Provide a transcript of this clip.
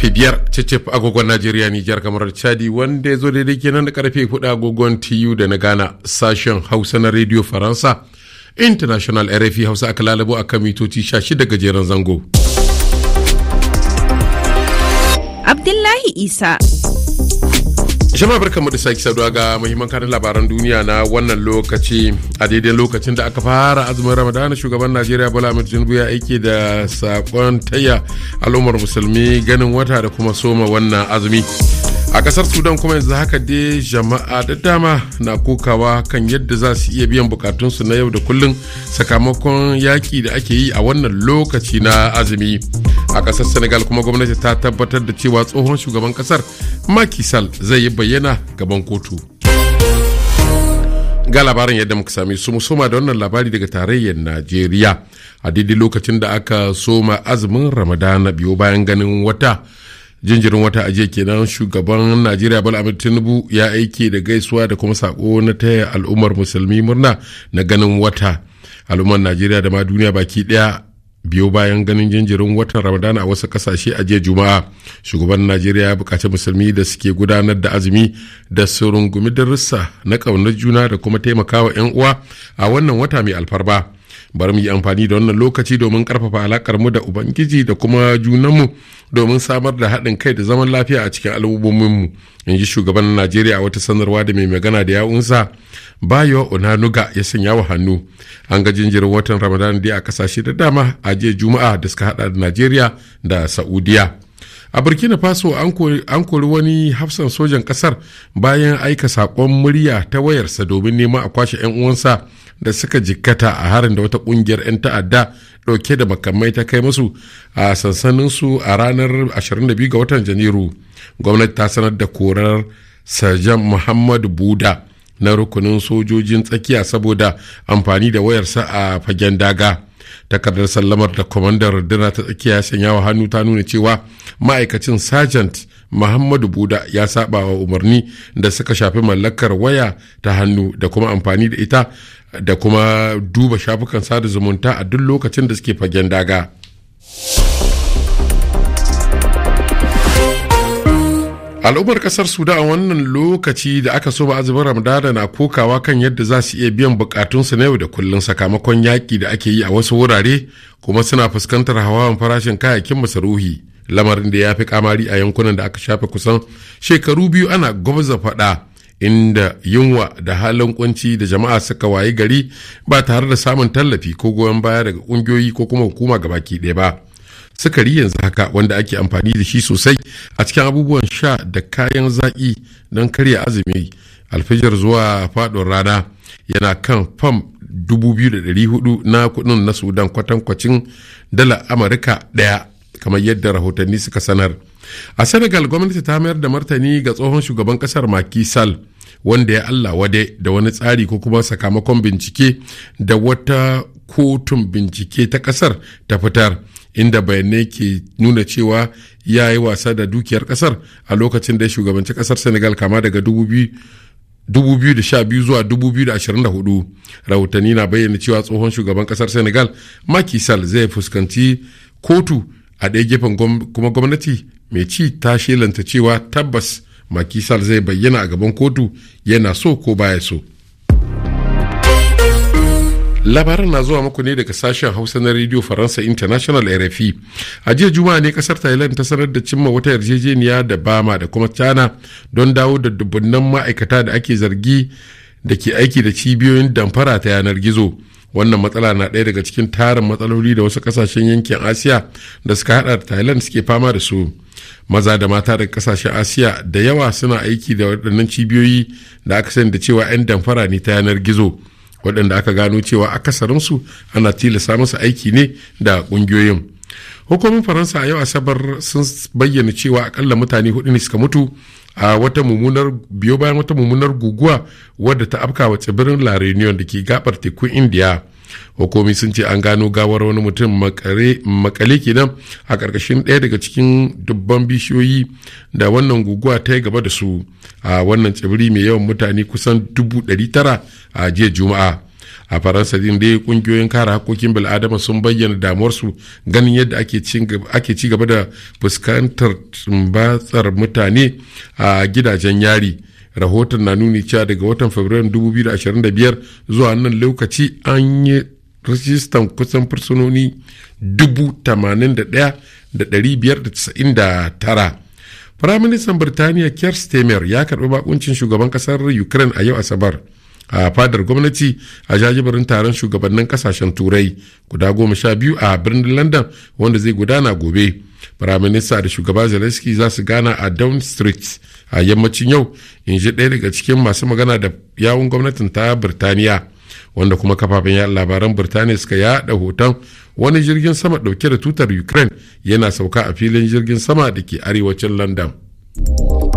karfe biyar cicif agogon najeriya nijar kamar chadi wanda ya zo daidai kenan da karfe hudu agogon tu da na ghana sashen hausa na radio faransa international rfi hausa aka lalabo a kan mitoci 16 gajeren zango abdullahi isa Jama'a barkanmu da sake saduwa ga muhimman kan labaran duniya na wannan lokaci a daidai lokacin da aka fara azumin Ramadana shugaban Najeriya Bola Ahmed Tinubu ya aike da sakon taya al'ummar musulmi ganin wata da kuma soma wannan azumi. a kasar sudan kuma yanzu haka dai jama'a da dama na kokawa kan yadda za su iya biyan bukatunsu na yau da kullum sakamakon yaƙi da ake yi a wannan lokaci na azumi a kasar senegal kuma gwamnati ta tabbatar da cewa tsohon shugaban kasar makisal zai yi bayyana gaban kotu ga labarin yadda muka sami su musoma da wannan labari daga tarayyar najeriya a daidai lokacin da aka soma azumin ramadana biyo bayan ganin wata jinjirin wata ajiye kenan shugaban najeriya bala tinubu ya aike da gaisuwa da kuma sako na taya al'ummar musulmi murna na ganin wata al'ummar najeriya da ma duniya baki daya biyo bayan ganin jinjirin watan ramadan a wasu kasashe a jiya juma'a shugaban najeriya ya bukaci musulmi da suke gudanar da azumi da su rungumi darussa na ƙaunar juna da kuma taimakawa 'yan uwa a wannan wata mai alfarba bari mu yi amfani da wannan lokaci domin karfafa alakar mu da ubangiji da kuma junanmu domin samar da haɗin kai da zaman lafiya a cikin al'ummominmu in ji shugaban najeriya wata sanarwa da mai magana da yawunsa bayo onanuga ya sanya wa hannu an ga jinjirin watan ramadan da a kasashe da dama a jiya juma'a da suka hada da najeriya da saudiya a burkina faso an kori wani hafsan sojan kasar bayan aika saƙon murya ta wayarsa domin neman a kwashe 'yan uwansa da suka jikkata a harin da wata kungiyar 'yan ta'adda dauke da makamai ta kai musu a sansaninsu a ranar 22 ga watan janairu gwamnati ta sanar da korar sajan muhammad buda na rukunin sojojin tsakiya saboda amfani da wayarsa a fagen daga takardar sallamar da kwamandar rundunar ta tsakiya ya sanya wa hannu ta nuna cewa ma'aikacin sergeant muhammadu buda ya saba wa umarni da suka shafi mallakar waya ta hannu da kuma amfani da ita da kuma duba shafukan sada zumunta a duk lokacin da suke fagen daga al'ummar kasar sudan a wannan lokaci da aka so ba azumin ramadana na kokawa kan yadda za su iya biyan bukatunsu na yau da kullum sakamakon yaƙi da ake yi a wasu wurare kuma suna fuskantar hawan farashin kayayyakin masaruhi lamarin da ya fi kamari a yankunan da aka shafe kusan shekaru biyu ana gwabza faɗa inda yunwa da halin kunci da jama'a suka wayi gari ba tare da samun tallafi ko goyon baya daga ƙungiyoyi ko kuma hukuma ga baki ɗaya ba sukari yanzu haka wanda ake amfani da shi sosai a cikin abubuwan sha da kayan zaƙi don karya azumi alfijar zuwa faɗin rana yana kan fam 2,400 na kuɗin na sudan kwatankwacin dala amurka ɗaya kamar yadda rahotanni suka sanar a senegal gwamnati ta mayar da martani ga tsohon shugaban kasar makisal wanda ya allah wade da wani tsari ko kuma sakamakon bincike da wata kotun bincike ta kasar ta fitar inda bayanai ke nuna cewa ya yi wasa da dukiyar kasar a lokacin da shugabanci kasar senegal kama daga 2012 zuwa 2024 rahotanni na bayyana cewa tsohon shugaban kasar senegal makisal zai fuskanci kotu a ɗaya gefen kuma gwamnati mai ci ta shelanta cewa tabbas makisal zai bayyana a gaban kotu yana so ko baya so labaran na zuwa muku ne daga sashen hausa na radio faransa international rfi a jiya juma'a ne kasar thailand ta sanar da cimma wata yarjejeniya da bama da kuma china don dawo da dubunnan ma'aikata da ake zargi da ke aiki da cibiyoyin damfara ta yanar gizo wannan matsala na ɗaya daga cikin tarin matsaloli da wasu kasashen yankin asiya da suka hada da thailand suke fama da su maza da mata daga kasashen asiya da yawa suna aiki da waɗannan cibiyoyi da aka sani da cewa 'yan damfara ne ta yanar gizo waɗanda aka gano cewa akasarinsu ana tilasta musu aiki ne da ƙungiyoyin hukumin faransa a yau asabar sun bayyana cewa akalla mutane hudu ne suka mutu a wata mummunar biyo bayan wata mummunar guguwa wadda ta wa tsibirin la reunion da ke gabar tekun indiya hukumi sun ce an gano gawar wani mutum makale kenan a karkashin ɗaya daga cikin dubban bishiyoyi da wannan guguwa ta yi gaba da su a wannan tsibiri mai yawan mutane kusan dubu tara a jiya juma'a a faransa din dai kungiyoyin kare hakokin bil'adama sun bayyana damuwarsu ganin yadda ake ci gaba da fuskantar batsar mutane a gidajen yari rahoton na nuni cewa daga watan fabrairu 2025 zuwa nan lokaci an yi rajistan kusan fursunoni 81,599 firaministan birtaniya kier stemer ya karɓi bakuncin shugaban ƙasar ukraine a yau asabar a fadar gwamnati a jajibirin taron shugabannin kasashen turai guda goma sha biyu a birnin london wanda zai gudana gobe firaminista da shugaba zelensky za su gana a down street a yammacin yau in ji ɗaya daga cikin masu magana da yawun gwamnatin ta birtaniya wanda kuma kafafen yaɗa labaran birtaniya suka yaɗa hoton wani jirgin sama ɗauke da tutar ukraine yana sauka a filin jirgin sama da ke arewacin london